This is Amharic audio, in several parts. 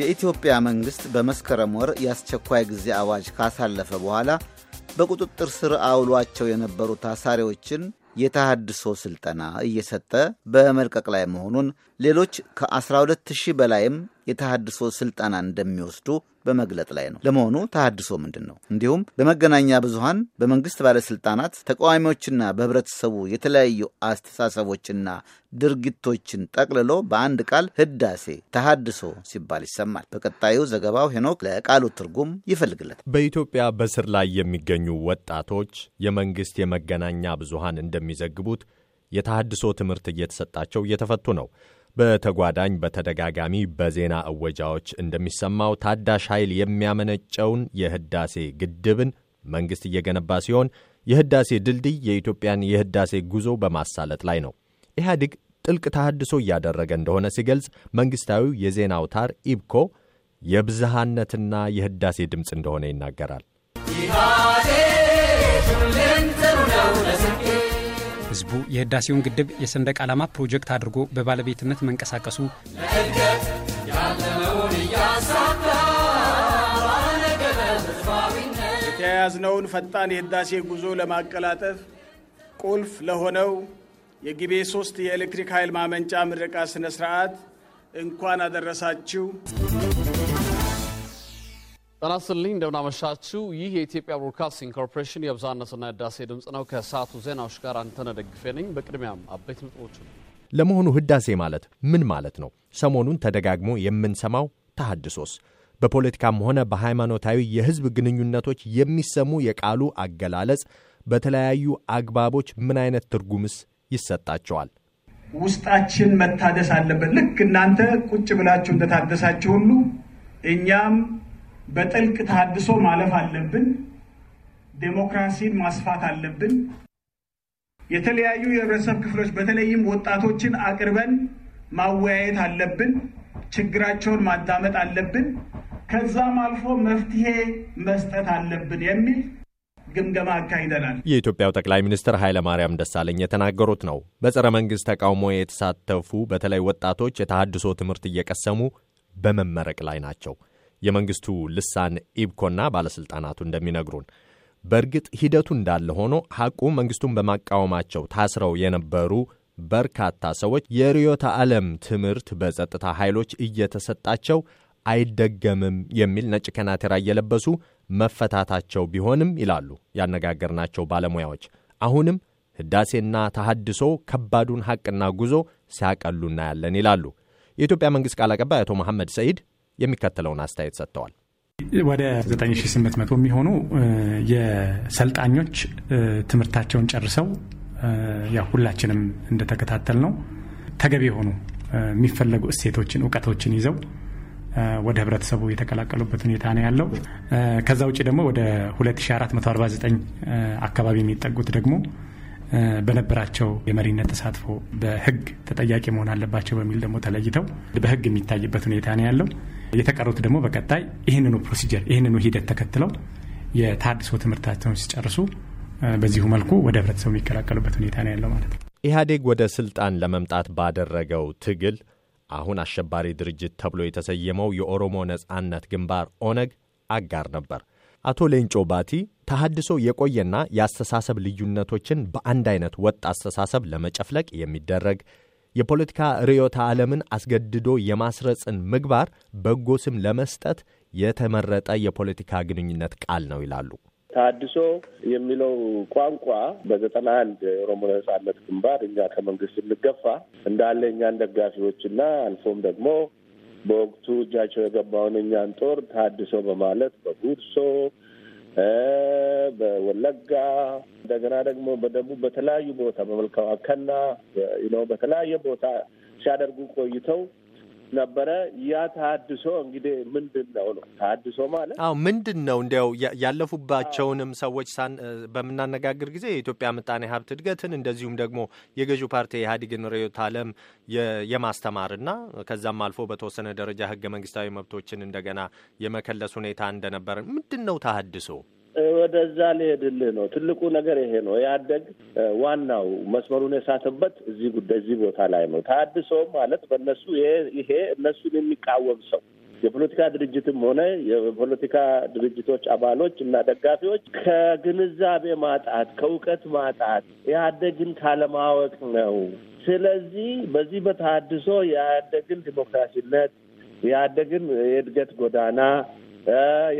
የኢትዮጵያ መንግሥት በመስከረም ወር የአስቸኳይ ጊዜ አዋጅ ካሳለፈ በኋላ በቁጥጥር ስር አውሏቸው የነበሩ ታሳሪዎችን የተሃድሶ ሥልጠና እየሰጠ በመልቀቅ ላይ መሆኑን ሌሎች ከ12 በላይም የተሃድሶ ሥልጠና እንደሚወስዱ በመግለጥ ላይ ነው። ለመሆኑ ተሃድሶ ምንድን ነው? እንዲሁም በመገናኛ ብዙሃን በመንግስት ባለስልጣናት፣ ተቃዋሚዎችና በህብረተሰቡ የተለያዩ አስተሳሰቦችና ድርጊቶችን ጠቅልሎ በአንድ ቃል ህዳሴ ተሃድሶ ሲባል ይሰማል። በቀጣዩ ዘገባው ሄኖክ ለቃሉ ትርጉም ይፈልግለታል። በኢትዮጵያ በስር ላይ የሚገኙ ወጣቶች የመንግስት የመገናኛ ብዙሃን እንደሚዘግቡት የተሃድሶ ትምህርት እየተሰጣቸው እየተፈቱ ነው። በተጓዳኝ በተደጋጋሚ በዜና እወጃዎች እንደሚሰማው ታዳሽ ኃይል የሚያመነጨውን የህዳሴ ግድብን መንግሥት እየገነባ ሲሆን የህዳሴ ድልድይ የኢትዮጵያን የህዳሴ ጉዞ በማሳለጥ ላይ ነው። ኢህአዲግ ጥልቅ ተሃድሶ እያደረገ እንደሆነ ሲገልጽ፣ መንግሥታዊው የዜና አውታር ኢብኮ የብዝሃነትና የህዳሴ ድምፅ እንደሆነ ይናገራል። ህዝቡ የህዳሴውን ግድብ የሰንደቅ ዓላማ ፕሮጀክት አድርጎ በባለቤትነት መንቀሳቀሱ ለእድገት ያለመውን የተያያዝነውን ፈጣን የህዳሴ ጉዞ ለማቀላጠፍ ቁልፍ ለሆነው የጊቤ ሶስት የኤሌክትሪክ ኃይል ማመንጫ ምረቃ ስነ ስርዓት እንኳን አደረሳችሁ። ጤና ይስጥልኝ እንደምናመሻችሁ። ይህ የኢትዮጵያ ብሮድካስቲንግ ኮርፖሬሽን የብዛነትና የህዳሴ ድምፅ ነው። ከሰዓቱ ዜናዎች ጋር አንተነህ ደግፌ ነኝ። በቅድሚያም አበይት ነጥቦች። ለመሆኑ ህዳሴ ማለት ምን ማለት ነው? ሰሞኑን ተደጋግሞ የምንሰማው ተሃድሶስ በፖለቲካም ሆነ በሃይማኖታዊ የህዝብ ግንኙነቶች የሚሰሙ የቃሉ አገላለጽ በተለያዩ አግባቦች ምን አይነት ትርጉምስ ይሰጣቸዋል? ውስጣችን መታደስ አለበት። ልክ እናንተ ቁጭ ብላችሁ እንደታደሳችሁ ሁሉ እኛም በጥልቅ ተሃድሶ ማለፍ አለብን። ዴሞክራሲን ማስፋት አለብን። የተለያዩ የህብረተሰብ ክፍሎች በተለይም ወጣቶችን አቅርበን ማወያየት አለብን። ችግራቸውን ማዳመጥ አለብን። ከዛም አልፎ መፍትሄ መስጠት አለብን የሚል ግምገማ አካሂደናል። የኢትዮጵያው ጠቅላይ ሚኒስትር ኃይለማርያም ደሳለኝ የተናገሩት ነው። በጸረ መንግስት ተቃውሞ የተሳተፉ በተለይ ወጣቶች የተሃድሶ ትምህርት እየቀሰሙ በመመረቅ ላይ ናቸው። የመንግስቱ ልሳን ኢብኮና ባለሥልጣናቱ እንደሚነግሩን በእርግጥ ሂደቱ እንዳለ ሆኖ ሐቁ መንግስቱን በማቃወማቸው ታስረው የነበሩ በርካታ ሰዎች የርዕዮተ ዓለም ትምህርት በጸጥታ ኃይሎች እየተሰጣቸው አይደገምም የሚል ነጭ ከናቴራ እየለበሱ መፈታታቸው ቢሆንም ይላሉ ያነጋገርናቸው ባለሙያዎች፣ አሁንም ሕዳሴና ተሃድሶ ከባዱን ሐቅና ጉዞ ሲያቀሉ እናያለን ይላሉ። የኢትዮጵያ መንግሥት ቃል አቀባይ አቶ መሐመድ ሰኢድ የሚከተለውን አስተያየት ሰጥተዋል። ወደ 9800 የሚሆኑ የሰልጣኞች ትምህርታቸውን ጨርሰው ያው ሁላችንም እንደተከታተል ነው ተገቢ የሆኑ የሚፈለጉ እሴቶችን እውቀቶችን ይዘው ወደ ህብረተሰቡ የተቀላቀሉበት ሁኔታ ነው ያለው። ከዛ ውጭ ደግሞ ወደ 2449 አካባቢ የሚጠጉት ደግሞ በነበራቸው የመሪነት ተሳትፎ በህግ ተጠያቂ መሆን አለባቸው በሚል ደግሞ ተለይተው በህግ የሚታይበት ሁኔታ ነው ያለው። የተቀሩት ደግሞ በቀጣይ ይህንኑ ፕሮሲጀር ይህንኑ ሂደት ተከትለው የታድሶ ትምህርታቸውን ሲጨርሱ በዚሁ መልኩ ወደ ህብረተሰቡ የሚቀላቀሉበት ሁኔታ ነው ያለው ማለት ነው። ኢህአዴግ ወደ ስልጣን ለመምጣት ባደረገው ትግል አሁን አሸባሪ ድርጅት ተብሎ የተሰየመው የኦሮሞ ነጻነት ግንባር ኦነግ አጋር ነበር። አቶ ሌንጮ ባቲ ተሃድሶ የቆየና የአስተሳሰብ ልዩነቶችን በአንድ አይነት ወጥ አስተሳሰብ ለመጨፍለቅ የሚደረግ የፖለቲካ ርዕዮተ ዓለምን አስገድዶ የማስረጽን ምግባር በጎ ስም ለመስጠት የተመረጠ የፖለቲካ ግንኙነት ቃል ነው ይላሉ። ታድሶ የሚለው ቋንቋ በዘጠና አንድ የኦሮሞ ነጻነት ግንባር እኛ ከመንግስት እንገፋ እንዳለ እኛን ደጋፊዎችና አልፎም ደግሞ በወቅቱ እጃቸው የገባውን እኛን ጦር ታድሶ በማለት በጉድሶ በወለጋ እንደገና ደግሞ በደቡብ በተለያዩ ቦታ በመልካም አከና ነው በተለያየ ቦታ ሲያደርጉ ቆይተው ነበረ። ያ ተሀድሶ እንግዲህ ምንድን ነው ነው ተሀድሶ ማለት አዎ፣ ምንድን ነው እንዲያው ያለፉባቸውንም ሰዎች በምናነጋግር ጊዜ የኢትዮጵያ ምጣኔ ሀብት እድገትን እንደዚሁም ደግሞ የገዢው ፓርቲ የኢህአዴግን ርዕዮተ ዓለም የማስተማርና ከዛም አልፎ በተወሰነ ደረጃ ህገ መንግስታዊ መብቶችን እንደገና የመከለስ ሁኔታ እንደነበረ ምንድን ነው ተሀድሶ? ወደዛ ሊሄድልህ ነው። ትልቁ ነገር ይሄ ነው። ያደግ ዋናው መስመሩን የሳተበት እዚህ ጉዳይ እዚህ ቦታ ላይ ነው። ታድሶ ማለት በእነሱ ይሄ እነሱን የሚቃወም ሰው የፖለቲካ ድርጅትም ሆነ የፖለቲካ ድርጅቶች አባሎች እና ደጋፊዎች ከግንዛቤ ማጣት ከእውቀት ማጣት ኢህአዴግን ካለማወቅ ነው። ስለዚህ በዚህ በተሃድሶ የኢህአዴግን ዲሞክራሲነት የኢህአዴግን የእድገት ጎዳና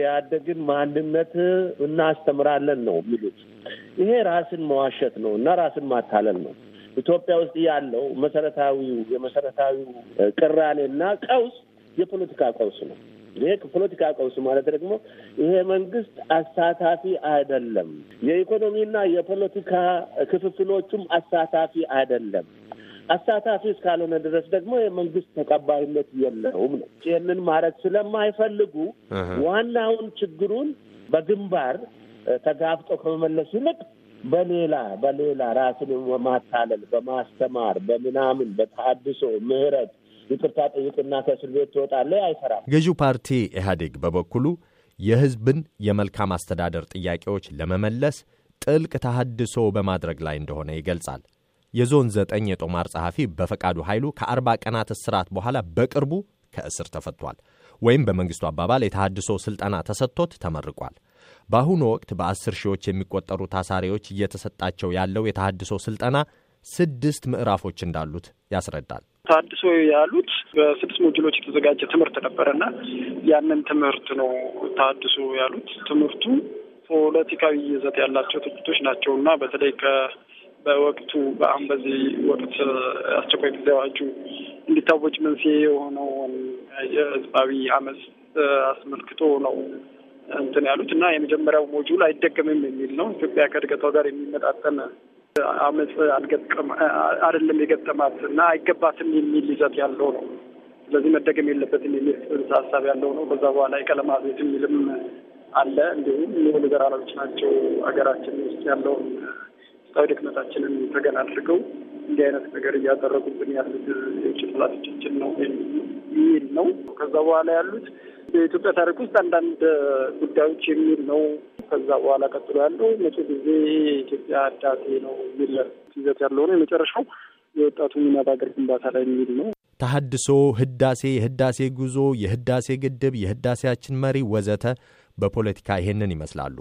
የአደግን ማንነት እናስተምራለን ነው የሚሉት። ይሄ ራስን መዋሸት ነው እና ራስን ማታለል ነው። ኢትዮጵያ ውስጥ ያለው መሰረታዊው የመሰረታዊው ቅራኔና ቀውስ የፖለቲካ ቀውስ ነው። ይሄ ፖለቲካ ቀውስ ማለት ደግሞ ይሄ መንግስት አሳታፊ አይደለም፣ የኢኮኖሚና የፖለቲካ ክፍፍሎቹም አሳታፊ አይደለም። አሳታፊ እስካልሆነ ድረስ ደግሞ የመንግስት ተቀባይነት የለውም ነው። ይህንን ማድረግ ስለማይፈልጉ ዋናውን ችግሩን በግንባር ተጋፍጦ ከመመለሱ ይልቅ በሌላ በሌላ ራስን በማታለል በማስተማር በምናምን በተሀድሶ ምህረት፣ ይቅርታ ጠይቅና ከእስር ቤት ትወጣለ አይሰራም። ገዢው ፓርቲ ኢህአዴግ በበኩሉ የህዝብን የመልካም አስተዳደር ጥያቄዎች ለመመለስ ጥልቅ ተሀድሶ በማድረግ ላይ እንደሆነ ይገልጻል። የዞን ዘጠኝ የጦማር ጸሐፊ በፈቃዱ ኃይሉ ከአርባ ቀናት እስራት በኋላ በቅርቡ ከእስር ተፈቷል። ወይም በመንግሥቱ አባባል የተሃድሶ ሥልጠና ተሰጥቶት ተመርቋል። በአሁኑ ወቅት በአስር ሺዎች የሚቆጠሩ ታሳሪዎች እየተሰጣቸው ያለው የተሃድሶ ሥልጠና ስድስት ምዕራፎች እንዳሉት ያስረዳል። ታድሶ ያሉት በስድስት ሞጁሎች የተዘጋጀ ትምህርት ነበረና ያንን ትምህርት ነው ታድሶ ያሉት። ትምህርቱ ፖለቲካዊ ይዘት ያላቸው ትችቶች ናቸው እና በተለይ ከ በወቅቱ በአሁን በዚህ ወቅት አስቸኳይ ጊዜ አዋጁ እንዲታወጅ መንስኤ የሆነውን የህዝባዊ አመፅ አስመልክቶ ነው እንትን ያሉት እና የመጀመሪያው ሞጁል አይደገምም የሚል ነው። ኢትዮጵያ ከእድገቷ ጋር የሚመጣጠን አመፅ አይደለም የገጠማት እና አይገባትም የሚል ይዘት ያለው ነው። ስለዚህ መደገም የለበትም የሚል ጽንሰ ሀሳብ ያለው ነው። በዛ በኋላ የቀለማ ቤት የሚልም አለ። እንዲሁም ሊበራሎች ናቸው ሀገራችን ውስጥ ያለውን ጾታዊ ድክመታችንን ተገን አድርገው እንዲህ አይነት ነገር እያደረጉብን ያሉት የውጭ ነው የሚል ነው። ከዛ በኋላ ያሉት በኢትዮጵያ ታሪክ ውስጥ አንዳንድ ጉዳዮች የሚል ነው። ከዛ በኋላ ቀጥሎ ያለው መቼ ጊዜ የኢትዮጵያ ህዳሴ ነው የሚል ይዘት ያለው ነው። የመጨረሻው የወጣቱ ሚና በሀገር ግንባታ ላይ የሚል ነው። ተሀድሶ፣ ህዳሴ፣ የህዳሴ ጉዞ፣ የህዳሴ ግድብ፣ የህዳሴያችን መሪ ወዘተ በፖለቲካ ይሄንን ይመስላሉ።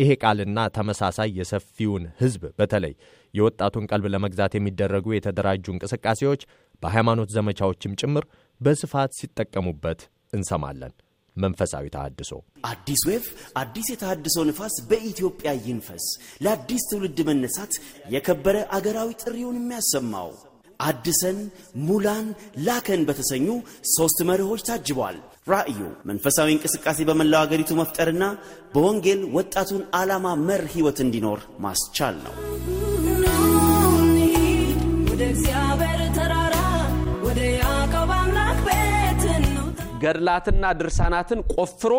ይሄ ቃልና ተመሳሳይ የሰፊውን ሕዝብ በተለይ የወጣቱን ቀልብ ለመግዛት የሚደረጉ የተደራጁ እንቅስቃሴዎች በሃይማኖት ዘመቻዎችም ጭምር በስፋት ሲጠቀሙበት እንሰማለን። መንፈሳዊ ተሃድሶ አዲስ ዌቭ አዲስ የተሃድሶ ንፋስ በኢትዮጵያ ይንፈስ። ለአዲስ ትውልድ መነሳት የከበረ አገራዊ ጥሪውን የሚያሰማው አድሰን ሙላን ላከን በተሰኙ ሦስት መርሆች ታጅቧል። ራእዩ መንፈሳዊ እንቅስቃሴ በመላው አገሪቱ መፍጠርና በወንጌል ወጣቱን ዓላማ መር ሕይወት እንዲኖር ማስቻል ነው። ገድላትና ድርሳናትን ቆፍሮ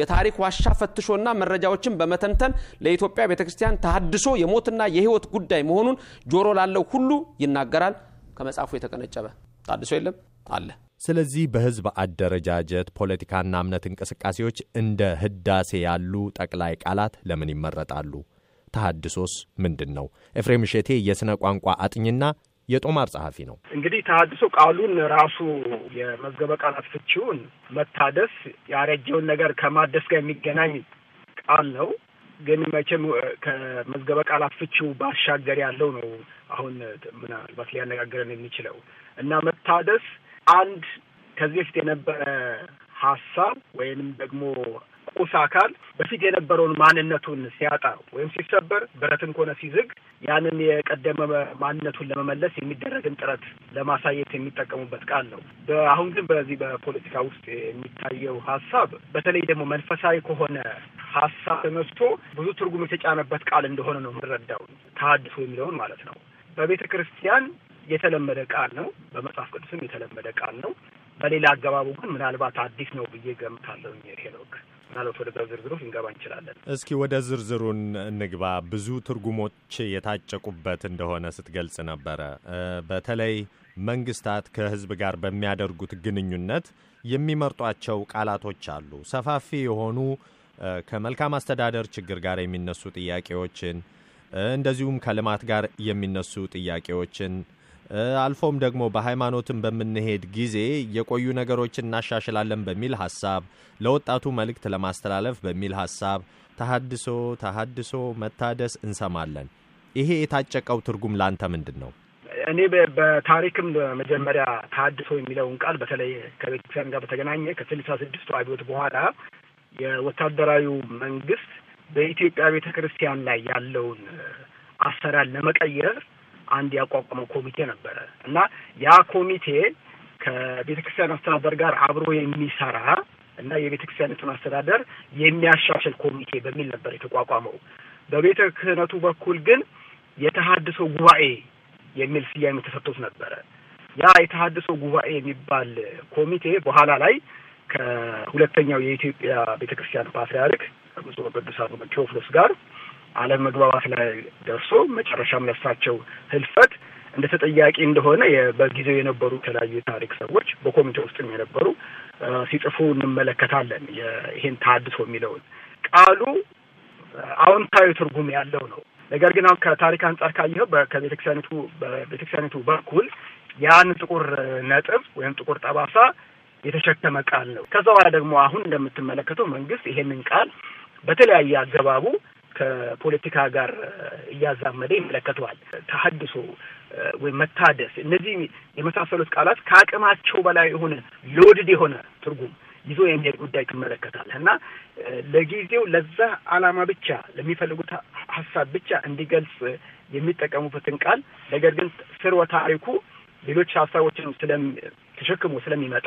የታሪክ ዋሻ ፈትሾና መረጃዎችን በመተንተን ለኢትዮጵያ ቤተ ክርስቲያን ተሃድሶ የሞትና የሕይወት ጉዳይ መሆኑን ጆሮ ላለው ሁሉ ይናገራል። ከመጽሐፉ የተቀነጨበ ታድሶ የለም አለ። ስለዚህ በሕዝብ አደረጃጀት፣ ፖለቲካና እምነት እንቅስቃሴዎች እንደ ህዳሴ ያሉ ጠቅላይ ቃላት ለምን ይመረጣሉ? ተሃድሶስ ምንድን ነው? ኤፍሬም እሸቴ የሥነ ቋንቋ አጥኝና የጦማር ጸሐፊ ነው። እንግዲህ ተሃድሶ ቃሉን ራሱ የመዝገበ ቃላት ፍቺውን መታደስ ያረጀውን ነገር ከማደስ ጋር የሚገናኝ ቃል ነው። ግን መቼም ከመዝገበ ቃላት ፍቺው ባሻገር ያለው ነው። አሁን ምናልባት ሊያነጋግረን የሚችለው እና መታደስ አንድ ከዚህ በፊት የነበረ ሀሳብ ወይንም ደግሞ ቁስ አካል በፊት የነበረውን ማንነቱን ሲያጣ ወይም ሲሰበር ብረትን ከሆነ ሲዝግ ያንን የቀደመ ማንነቱን ለመመለስ የሚደረግን ጥረት ለማሳየት የሚጠቀሙበት ቃል ነው። አሁን ግን በዚህ በፖለቲካ ውስጥ የሚታየው ሀሳብ በተለይ ደግሞ መንፈሳዊ ከሆነ ሀሳብ ተነስቶ ብዙ ትርጉም የተጫነበት ቃል እንደሆነ ነው የምንረዳው። ተሐድሶ የሚለውን ማለት ነው። በቤተ ክርስቲያን የተለመደ ቃል ነው። በመጽሐፍ ቅዱስም የተለመደ ቃል ነው። በሌላ አገባቡ ግን ምናልባት አዲስ ነው ብዬ ገምታለሁ። ሄኖክ ምናልባት ወደ ዝርዝሩ ልንገባ እንችላለን። እስኪ ወደ ዝርዝሩን እንግባ። ብዙ ትርጉሞች የታጨቁበት እንደሆነ ስትገልጽ ነበረ። በተለይ መንግስታት ከህዝብ ጋር በሚያደርጉት ግንኙነት የሚመርጧቸው ቃላቶች አሉ። ሰፋፊ የሆኑ ከመልካም አስተዳደር ችግር ጋር የሚነሱ ጥያቄዎችን እንደዚሁም ከልማት ጋር የሚነሱ ጥያቄዎችን አልፎም ደግሞ በሃይማኖትም በምንሄድ ጊዜ የቆዩ ነገሮችን እናሻሽላለን በሚል ሀሳብ ለወጣቱ መልእክት ለማስተላለፍ በሚል ሀሳብ ተሃድሶ ተሃድሶ መታደስ እንሰማለን። ይሄ የታጨቀው ትርጉም ለአንተ ምንድን ነው? እኔ በታሪክም መጀመሪያ ተሃድሶ የሚለውን ቃል በተለይ ከቤተክርስቲያን ጋር በተገናኘ ከስልሳ ስድስቱ አብዮት በኋላ የወታደራዊ መንግስት በኢትዮጵያ ቤተ ክርስቲያን ላይ ያለውን አሰራር ለመቀየር አንድ ያቋቋመው ኮሚቴ ነበረ እና ያ ኮሚቴ ከቤተ ክርስቲያን አስተዳደር ጋር አብሮ የሚሰራ እና የቤተ ክርስቲያኒቱን አስተዳደር የሚያሻሽል ኮሚቴ በሚል ነበር የተቋቋመው። በቤተ ክህነቱ በኩል ግን የተሀድሶ ጉባኤ የሚል ስያሜ ተሰጥቶት ነበረ። ያ የተሀድሶ ጉባኤ የሚባል ኮሚቴ በኋላ ላይ ከሁለተኛው የኢትዮጵያ ቤተ ክርስቲያን ፓትርያርክ ከብፁዕ ወቅዱስ አቡነ ቴዎፍሎስ ጋር አለመግባባት ላይ ደርሶ መጨረሻም ለሳቸው ህልፈት እንደ ተጠያቂ እንደሆነ በጊዜው የነበሩ የተለያዩ ታሪክ ሰዎች በኮሚቴ ውስጥም የነበሩ ሲጽፉ እንመለከታለን። ይሄን ታድሶ የሚለውን ቃሉ አዎንታዊ ትርጉም ያለው ነው። ነገር ግን አሁን ከታሪክ አንጻር ካየኸው ከቤተክርስቲያኒቱ በቤተክርስቲያኒቱ በኩል ያን ጥቁር ነጥብ ወይም ጥቁር ጠባሳ የተሸከመ ቃል ነው። ከዛ በኋላ ደግሞ አሁን እንደምትመለከተው መንግስት ይሄንን ቃል በተለያየ አገባቡ ከፖለቲካ ጋር እያዛመደ ይመለከተዋል። ተሀድሶ ወይም መታደስ፣ እነዚህ የመሳሰሉት ቃላት ከአቅማቸው በላይ የሆነ ሎድድ የሆነ ትርጉም ይዞ የሚሄድ ጉዳይ ትመለከታለህ እና ለጊዜው ለዛ ዓላማ ብቻ ለሚፈልጉት ሀሳብ ብቻ እንዲገልጽ የሚጠቀሙበትን ቃል ነገር ግን ስርወ ታሪኩ ሌሎች ሀሳቦችን ስለም ተሸክሞ ስለሚመጣ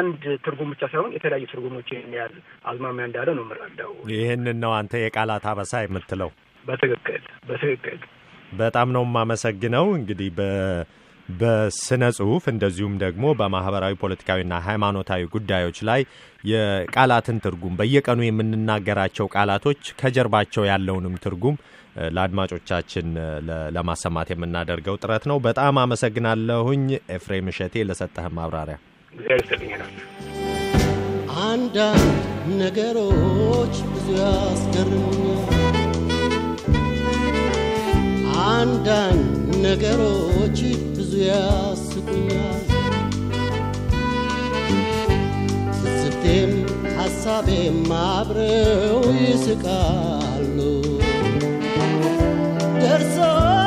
አንድ ትርጉም ብቻ ሳይሆን የተለያዩ ትርጉሞች የሚያዝ አዝማሚያ እንዳለ ነው የምረዳው። ይህንን ነው አንተ የቃላት አበሳ የምትለው። በትክክል በትክክል። በጣም ነው የማመሰግነው እንግዲህ በስነ ጽሁፍ እንደዚሁም ደግሞ በማህበራዊ ፖለቲካዊና ሃይማኖታዊ ጉዳዮች ላይ የቃላትን ትርጉም በየቀኑ የምንናገራቸው ቃላቶች ከጀርባቸው ያለውንም ትርጉም ለአድማጮቻችን ለማሰማት የምናደርገው ጥረት ነው። በጣም አመሰግናለሁኝ ኤፍሬም እሸቴ ለሰጠህም ማብራሪያ። አንዳንድ ነገሮች ብዙ ያስገርሙኛል። አንዳንድ ነገሮች ያስቁኛል ስስቴም ሐሳቤም አብረው ይስቃሉ ደርሰው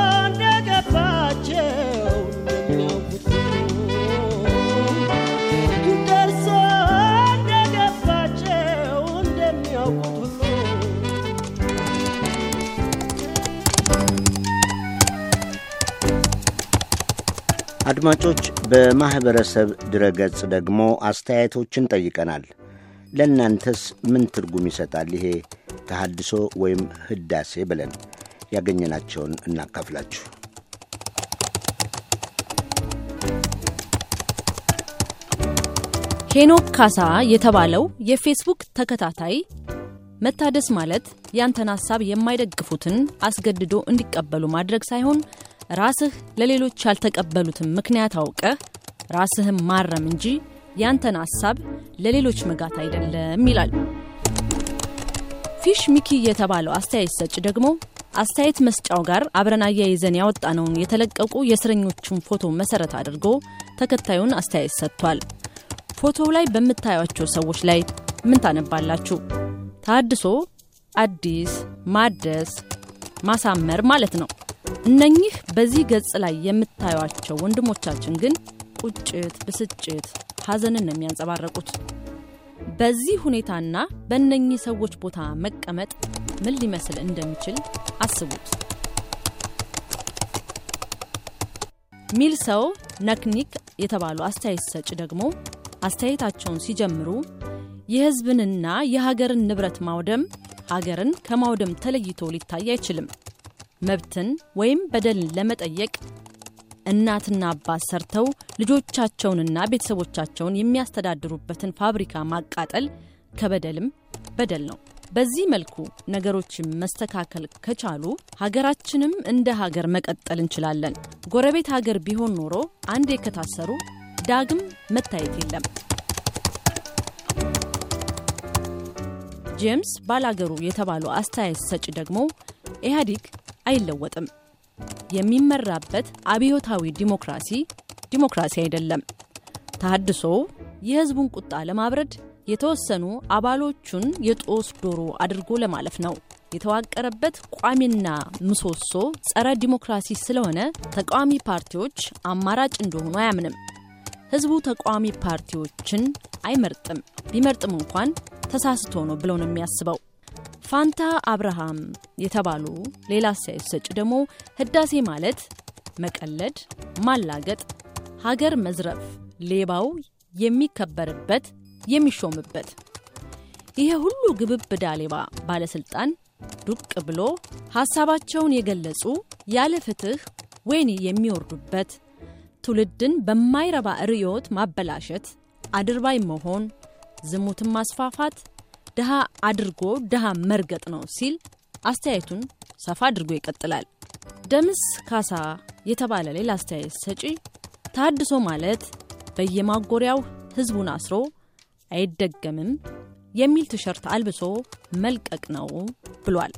አድማጮች በማኅበረሰብ ድረገጽ ደግሞ አስተያየቶችን ጠይቀናል። ለእናንተስ ምን ትርጉም ይሰጣል ይሄ ተሃድሶ ወይም ህዳሴ ብለን ያገኘናቸውን እናካፍላችሁ። ሄኖክ ካሳ የተባለው የፌስቡክ ተከታታይ መታደስ ማለት ያንተን ሐሳብ የማይደግፉትን አስገድዶ እንዲቀበሉ ማድረግ ሳይሆን ራስህ ለሌሎች ያልተቀበሉትን ምክንያት አውቀህ ራስህን ማረም እንጂ ያንተን ሐሳብ ለሌሎች መጋት አይደለም ይላል። ፊሽ ሚኪ የተባለው አስተያየት ሰጭ ደግሞ አስተያየት መስጫው ጋር አብረን አያይዘን ያወጣነውን የተለቀቁ የእስረኞቹን ፎቶ መሰረት አድርጎ ተከታዩን አስተያየት ሰጥቷል። ፎቶው ላይ በምታዩቸው ሰዎች ላይ ምን ታነባላችሁ? ታድሶ፣ አዲስ፣ ማደስ፣ ማሳመር ማለት ነው። እነኚህ በዚህ ገጽ ላይ የምታዩቸው ወንድሞቻችን ግን ቁጭት፣ ብስጭት፣ ሐዘንን ነው የሚያንጸባረቁት። በዚህ ሁኔታና በእነኚህ ሰዎች ቦታ መቀመጥ ምን ሊመስል እንደሚችል አስቡት ሚል ሰው ነክኒክ የተባሉ አስተያየት ሰጪ ደግሞ አስተያየታቸውን ሲጀምሩ የሕዝብንና የሀገርን ንብረት ማውደም ሀገርን ከማውደም ተለይቶ ሊታይ አይችልም። መብትን ወይም በደልን ለመጠየቅ እናትና አባት ሰርተው ልጆቻቸውንና ቤተሰቦቻቸውን የሚያስተዳድሩበትን ፋብሪካ ማቃጠል ከበደልም በደል ነው። በዚህ መልኩ ነገሮችን መስተካከል ከቻሉ ሀገራችንም እንደ ሀገር መቀጠል እንችላለን። ጎረቤት ሀገር ቢሆን ኖሮ አንዴ ከታሰሩ ዳግም መታየት የለም። ጄምስ ባላገሩ የተባሉ አስተያየት ሰጪ ደግሞ ኢህአዲግ አይለወጥም። የሚመራበት አብዮታዊ ዲሞክራሲ ዲሞክራሲ አይደለም። ታድሶ የህዝቡን ቁጣ ለማብረድ የተወሰኑ አባሎቹን የጦስ ዶሮ አድርጎ ለማለፍ ነው። የተዋቀረበት ቋሚና ምሰሶ ጸረ ዲሞክራሲ ስለሆነ ተቃዋሚ ፓርቲዎች አማራጭ እንደሆኑ አያምንም። ህዝቡ ተቃዋሚ ፓርቲዎችን አይመርጥም። ቢመርጥም እንኳን ተሳስቶ ነው ብለው ነው የሚያስበው። ፋንታ አብርሃም የተባሉ ሌላ አስተያየት ሰጭ ደግሞ ህዳሴ ማለት መቀለድ፣ ማላገጥ፣ ሀገር መዝረፍ፣ ሌባው የሚከበርበት የሚሾምበት ይሄ ሁሉ ግብብዳ ሌባ ባለስልጣን ዱቅ ብሎ ሀሳባቸውን የገለጹ ያለ ፍትህ ወይን የሚወርዱበት ትውልድን በማይረባ ርዕዮት ማበላሸት፣ አድርባይ መሆን፣ ዝሙትን ማስፋፋት ድሃ አድርጎ ድሃ መርገጥ ነው ሲል አስተያየቱን ሰፋ አድርጎ ይቀጥላል። ደምስ ካሳ የተባለ ሌላ አስተያየት ሰጪ ታድሶ ማለት በየማጎሪያው ህዝቡን አስሮ አይደገምም የሚል ቲሸርት አልብሶ መልቀቅ ነው ብሏል።